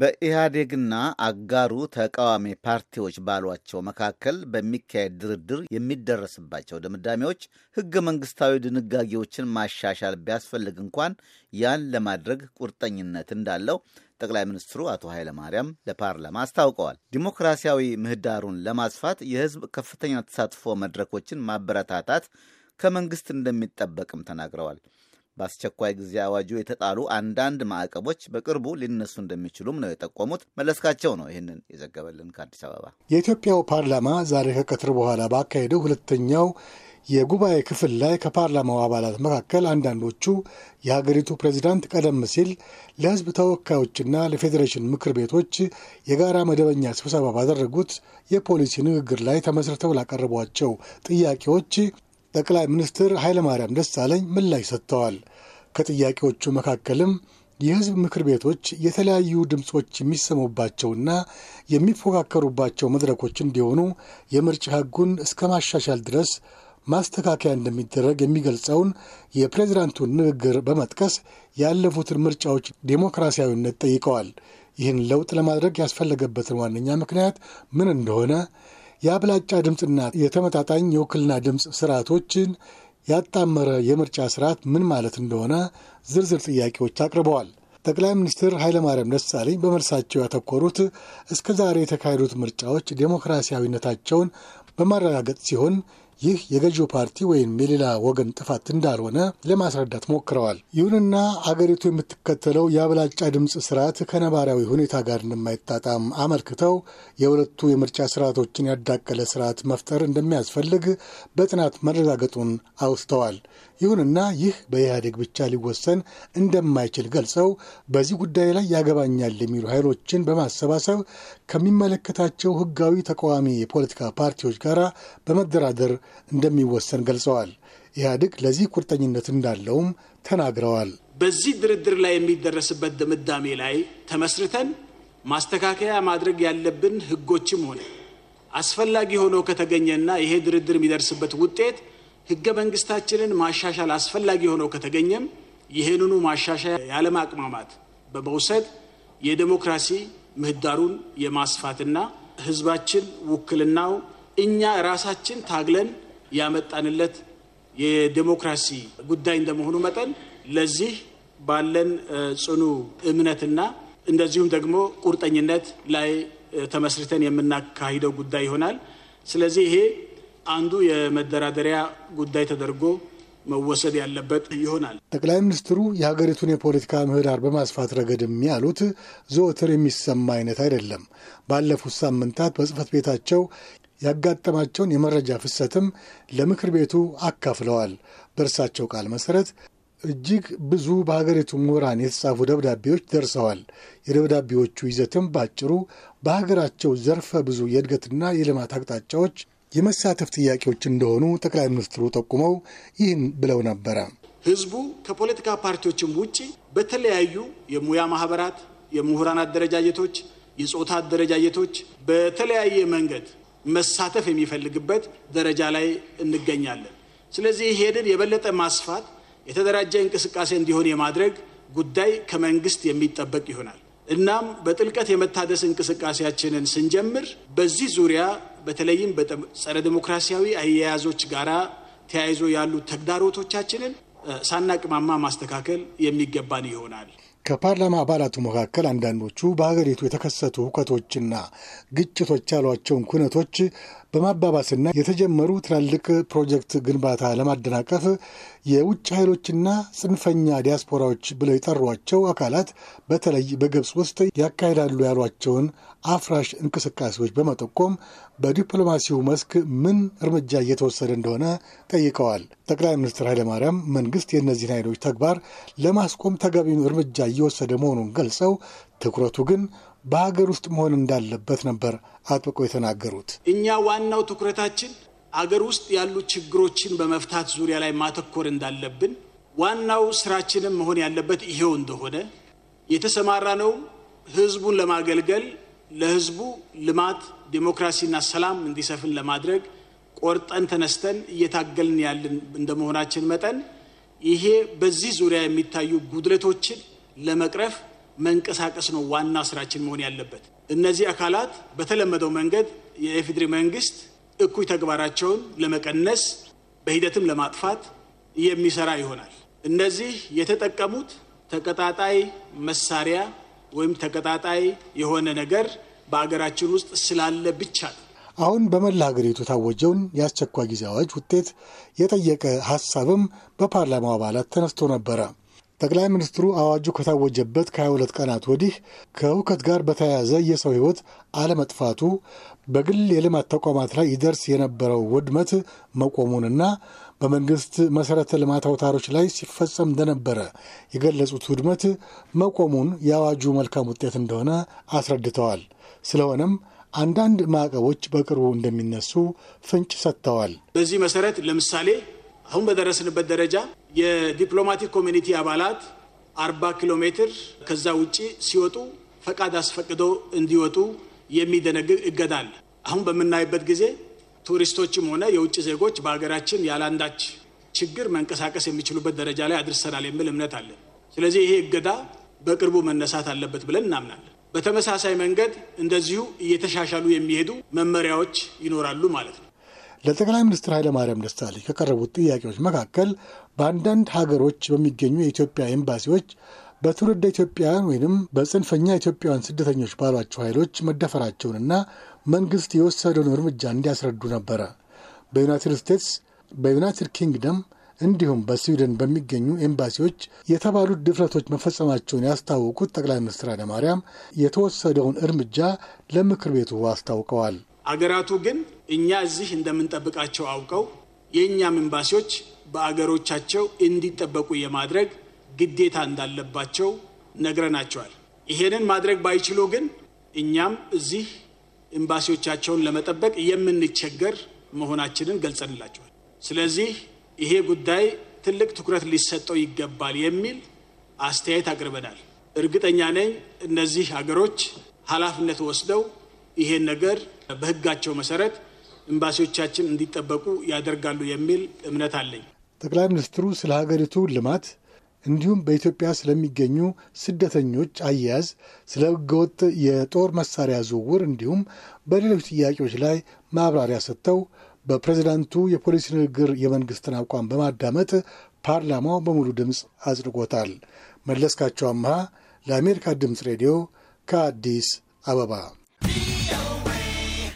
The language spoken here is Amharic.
በኢህአዴግና አጋሩ ተቃዋሚ ፓርቲዎች ባሏቸው መካከል በሚካሄድ ድርድር የሚደረስባቸው ድምዳሜዎች ህገ መንግስታዊ ድንጋጌዎችን ማሻሻል ቢያስፈልግ እንኳን ያን ለማድረግ ቁርጠኝነት እንዳለው ጠቅላይ ሚኒስትሩ አቶ ኃይለማርያም ለፓርላማ አስታውቀዋል። ዲሞክራሲያዊ ምህዳሩን ለማስፋት የህዝብ ከፍተኛ ተሳትፎ መድረኮችን ማበረታታት ከመንግስት እንደሚጠበቅም ተናግረዋል። በአስቸኳይ ጊዜ አዋጁ የተጣሉ አንዳንድ ማዕቀቦች በቅርቡ ሊነሱ እንደሚችሉም ነው የጠቆሙት። መለስካቸው ነው ይህንን የዘገበልን ከአዲስ አበባ። የኢትዮጵያው ፓርላማ ዛሬ ከቀትር በኋላ ባካሄደው ሁለተኛው የጉባኤ ክፍል ላይ ከፓርላማው አባላት መካከል አንዳንዶቹ የሀገሪቱ ፕሬዚዳንት ቀደም ሲል ለሕዝብ ተወካዮችና ለፌዴሬሽን ምክር ቤቶች የጋራ መደበኛ ስብሰባ ባደረጉት የፖሊሲ ንግግር ላይ ተመስርተው ላቀረቧቸው ጥያቄዎች ጠቅላይ ሚኒስትር ኃይለማርያም ደሳለኝ ምላሽ ሰጥተዋል። ከጥያቄዎቹ መካከልም የህዝብ ምክር ቤቶች የተለያዩ ድምፆች የሚሰሙባቸውና የሚፎካከሩባቸው መድረኮች እንዲሆኑ የምርጫ ህጉን እስከ ማሻሻል ድረስ ማስተካከያ እንደሚደረግ የሚገልጸውን የፕሬዚዳንቱን ንግግር በመጥቀስ ያለፉትን ምርጫዎች ዴሞክራሲያዊነት ጠይቀዋል። ይህን ለውጥ ለማድረግ ያስፈለገበትን ዋነኛ ምክንያት ምን እንደሆነ የአብላጫ ድምፅና የተመጣጣኝ የውክልና ድምፅ ስርዓቶችን ያጣመረ የምርጫ ስርዓት ምን ማለት እንደሆነ ዝርዝር ጥያቄዎች አቅርበዋል። ጠቅላይ ሚኒስትር ኃይለማርያም ደሳለኝ በመልሳቸው ያተኮሩት እስከ ዛሬ የተካሄዱት ምርጫዎች ዴሞክራሲያዊነታቸውን በማረጋገጥ ሲሆን ይህ የገዢው ፓርቲ ወይም የሌላ ወገን ጥፋት እንዳልሆነ ለማስረዳት ሞክረዋል። ይሁንና አገሪቱ የምትከተለው የአብላጫ ድምፅ ስርዓት ከነባራዊ ሁኔታ ጋር እንደማይጣጣም አመልክተው የሁለቱ የምርጫ ስርዓቶችን ያዳቀለ ስርዓት መፍጠር እንደሚያስፈልግ በጥናት መረጋገጡን አውስተዋል። ይሁንና ይህ በኢህአዴግ ብቻ ሊወሰን እንደማይችል ገልጸው በዚህ ጉዳይ ላይ ያገባኛል የሚሉ ኃይሎችን በማሰባሰብ ከሚመለከታቸው ህጋዊ ተቃዋሚ የፖለቲካ ፓርቲዎች ጋር በመደራደር እንደሚወሰን ገልጸዋል። ኢህአዴግ ለዚህ ቁርጠኝነት እንዳለውም ተናግረዋል። በዚህ ድርድር ላይ የሚደረስበት ድምዳሜ ላይ ተመስርተን ማስተካከያ ማድረግ ያለብን ህጎችም ሆነ አስፈላጊ ሆኖ ከተገኘና ይሄ ድርድር የሚደርስበት ውጤት ህገ መንግስታችንን ማሻሻል አስፈላጊ ሆኖ ከተገኘም ይህንኑ ማሻሻያ ያለማቅማማት በመውሰድ የዴሞክራሲ ምህዳሩን የማስፋትና ህዝባችን ውክልናው እኛ ራሳችን ታግለን ያመጣንለት የዴሞክራሲ ጉዳይ እንደመሆኑ መጠን ለዚህ ባለን ጽኑ እምነትና እንደዚሁም ደግሞ ቁርጠኝነት ላይ ተመስርተን የምናካሂደው ጉዳይ ይሆናል። ስለዚህ ይሄ አንዱ የመደራደሪያ ጉዳይ ተደርጎ መወሰድ ያለበት ይሆናል። ጠቅላይ ሚኒስትሩ የሀገሪቱን የፖለቲካ ምህዳር በማስፋት ረገድ ያሉት ዘወትር የሚሰማ አይነት አይደለም። ባለፉት ሳምንታት በጽህፈት ቤታቸው ያጋጠማቸውን የመረጃ ፍሰትም ለምክር ቤቱ አካፍለዋል። በእርሳቸው ቃል መሰረት እጅግ ብዙ በሀገሪቱ ምሁራን የተጻፉ ደብዳቤዎች ደርሰዋል። የደብዳቤዎቹ ይዘትም ባጭሩ በሀገራቸው ዘርፈ ብዙ የእድገትና የልማት አቅጣጫዎች የመሳተፍ ጥያቄዎች እንደሆኑ ጠቅላይ ሚኒስትሩ ጠቁመው ይህን ብለው ነበረ። ህዝቡ ከፖለቲካ ፓርቲዎችም ውጭ በተለያዩ የሙያ ማህበራት፣ የምሁራን አደረጃጀቶች፣ የጾታ አደረጃጀቶች በተለያየ መንገድ መሳተፍ የሚፈልግበት ደረጃ ላይ እንገኛለን። ስለዚህ ይሄንን የበለጠ ማስፋት የተደራጀ እንቅስቃሴ እንዲሆን የማድረግ ጉዳይ ከመንግስት የሚጠበቅ ይሆናል። እናም በጥልቀት የመታደስ እንቅስቃሴያችንን ስንጀምር በዚህ ዙሪያ በተለይም በጸረ ዲሞክራሲያዊ አያያዞች ጋራ ተያይዞ ያሉ ተግዳሮቶቻችንን ሳናቅማማ ማስተካከል የሚገባን ይሆናል። ከፓርላማ አባላቱ መካከል አንዳንዶቹ በሀገሪቱ የተከሰቱ ሁከቶችና ግጭቶች ያሏቸውን ኩነቶች በማባባስና የተጀመሩ ትላልቅ ፕሮጀክት ግንባታ ለማደናቀፍ የውጭ ኃይሎችና ጽንፈኛ ዲያስፖራዎች ብለው የጠሯቸው አካላት በተለይ በግብፅ ውስጥ ያካሂዳሉ ያሏቸውን አፍራሽ እንቅስቃሴዎች በመጠቆም በዲፕሎማሲው መስክ ምን እርምጃ እየተወሰደ እንደሆነ ጠይቀዋል። ጠቅላይ ሚኒስትር ኃይለማርያም መንግስት የእነዚህን ኃይሎች ተግባር ለማስቆም ተገቢውን እርምጃ እየወሰደ መሆኑን ገልጸው ትኩረቱ ግን በሀገር ውስጥ መሆን እንዳለበት ነበር አጥብቆ የተናገሩት። እኛ ዋናው ትኩረታችን አገር ውስጥ ያሉ ችግሮችን በመፍታት ዙሪያ ላይ ማተኮር እንዳለብን ዋናው ስራችንም መሆን ያለበት ይሄው እንደሆነ የተሰማራ ነው። ህዝቡን ለማገልገል ለህዝቡ ልማት፣ ዴሞክራሲና ሰላም እንዲሰፍን ለማድረግ ቆርጠን ተነስተን እየታገልን ያለን እንደመሆናችን መጠን ይሄ በዚህ ዙሪያ የሚታዩ ጉድለቶችን ለመቅረፍ መንቀሳቀስ ነው ዋና ስራችን መሆን ያለበት። እነዚህ አካላት በተለመደው መንገድ የኢፌዴሪ መንግስት እኩይ ተግባራቸውን ለመቀነስ በሂደትም ለማጥፋት የሚሰራ ይሆናል። እነዚህ የተጠቀሙት ተቀጣጣይ መሳሪያ ወይም ተቀጣጣይ የሆነ ነገር በአገራችን ውስጥ ስላለ ብቻ ነው። አሁን በመላ ሀገሪቱ የታወጀውን የአስቸኳይ ጊዜ አዋጅ ውጤት የጠየቀ ሀሳብም በፓርላማው አባላት ተነስቶ ነበረ። ጠቅላይ ሚኒስትሩ አዋጁ ከታወጀበት ከ22 ቀናት ወዲህ ከሁከት ጋር በተያያዘ የሰው ሕይወት አለመጥፋቱ በግል የልማት ተቋማት ላይ ይደርስ የነበረው ውድመት መቆሙንና በመንግስት መሠረተ ልማት አውታሮች ላይ ሲፈጸም እንደነበረ የገለጹት ውድመት መቆሙን የአዋጁ መልካም ውጤት እንደሆነ አስረድተዋል። ስለሆነም አንዳንድ ማዕቀቦች በቅርቡ እንደሚነሱ ፍንጭ ሰጥተዋል። በዚህ መሠረት ለምሳሌ አሁን በደረስንበት ደረጃ የዲፕሎማቲክ ኮሚኒቲ አባላት አርባ ኪሎ ሜትር ከዛ ውጭ ሲወጡ ፈቃድ አስፈቅደው እንዲወጡ የሚደነግግ እገዳ አለ። አሁን በምናይበት ጊዜ ቱሪስቶችም ሆነ የውጭ ዜጎች በሀገራችን ያላንዳች ችግር መንቀሳቀስ የሚችሉበት ደረጃ ላይ አድርሰናል የሚል እምነት አለን። ስለዚህ ይሄ እገዳ በቅርቡ መነሳት አለበት ብለን እናምናለን። በተመሳሳይ መንገድ እንደዚሁ እየተሻሻሉ የሚሄዱ መመሪያዎች ይኖራሉ ማለት ነው። ለጠቅላይ ሚኒስትር ኃይለማርያም ደሳለኝ ከቀረቡት ጥያቄዎች መካከል በአንዳንድ ሀገሮች በሚገኙ የኢትዮጵያ ኤምባሲዎች በትውልደ ኢትዮጵያውያን ወይም በጽንፈኛ ኢትዮጵያውያን ስደተኞች ባሏቸው ኃይሎች መደፈራቸውንና መንግስት የወሰደውን እርምጃ እንዲያስረዱ ነበረ። በዩናይትድ ስቴትስ፣ በዩናይትድ ኪንግደም እንዲሁም በስዊድን በሚገኙ ኤምባሲዎች የተባሉት ድፍረቶች መፈጸማቸውን ያስታወቁት ጠቅላይ ሚኒስትር ኃይለማርያም የተወሰደውን እርምጃ ለምክር ቤቱ አስታውቀዋል። አገራቱ ግን እኛ እዚህ እንደምንጠብቃቸው አውቀው የእኛም ኤምባሲዎች በአገሮቻቸው እንዲጠበቁ የማድረግ ግዴታ እንዳለባቸው ነግረናቸዋል። ይሄንን ማድረግ ባይችሉ ግን እኛም እዚህ ኤምባሲዎቻቸውን ለመጠበቅ የምንቸገር መሆናችንን ገልጸንላቸዋል። ስለዚህ ይሄ ጉዳይ ትልቅ ትኩረት ሊሰጠው ይገባል የሚል አስተያየት አቅርበናል። እርግጠኛ ነኝ እነዚህ ሀገሮች ኃላፊነት ወስደው ይሄን ነገር በህጋቸው መሰረት ኤምባሲዎቻችን እንዲጠበቁ ያደርጋሉ የሚል እምነት አለኝ። ጠቅላይ ሚኒስትሩ ስለ ሀገሪቱ ልማት እንዲሁም በኢትዮጵያ ስለሚገኙ ስደተኞች አያያዝ፣ ስለ ህገወጥ የጦር መሳሪያ ዝውውር እንዲሁም በሌሎች ጥያቄዎች ላይ ማብራሪያ ሰጥተው በፕሬዝዳንቱ የፖሊሲ ንግግር የመንግስትን አቋም በማዳመጥ ፓርላማው በሙሉ ድምፅ አጽድቆታል። መለስካቸው አምሃ ለአሜሪካ ድምፅ ሬዲዮ ከአዲስ አበባ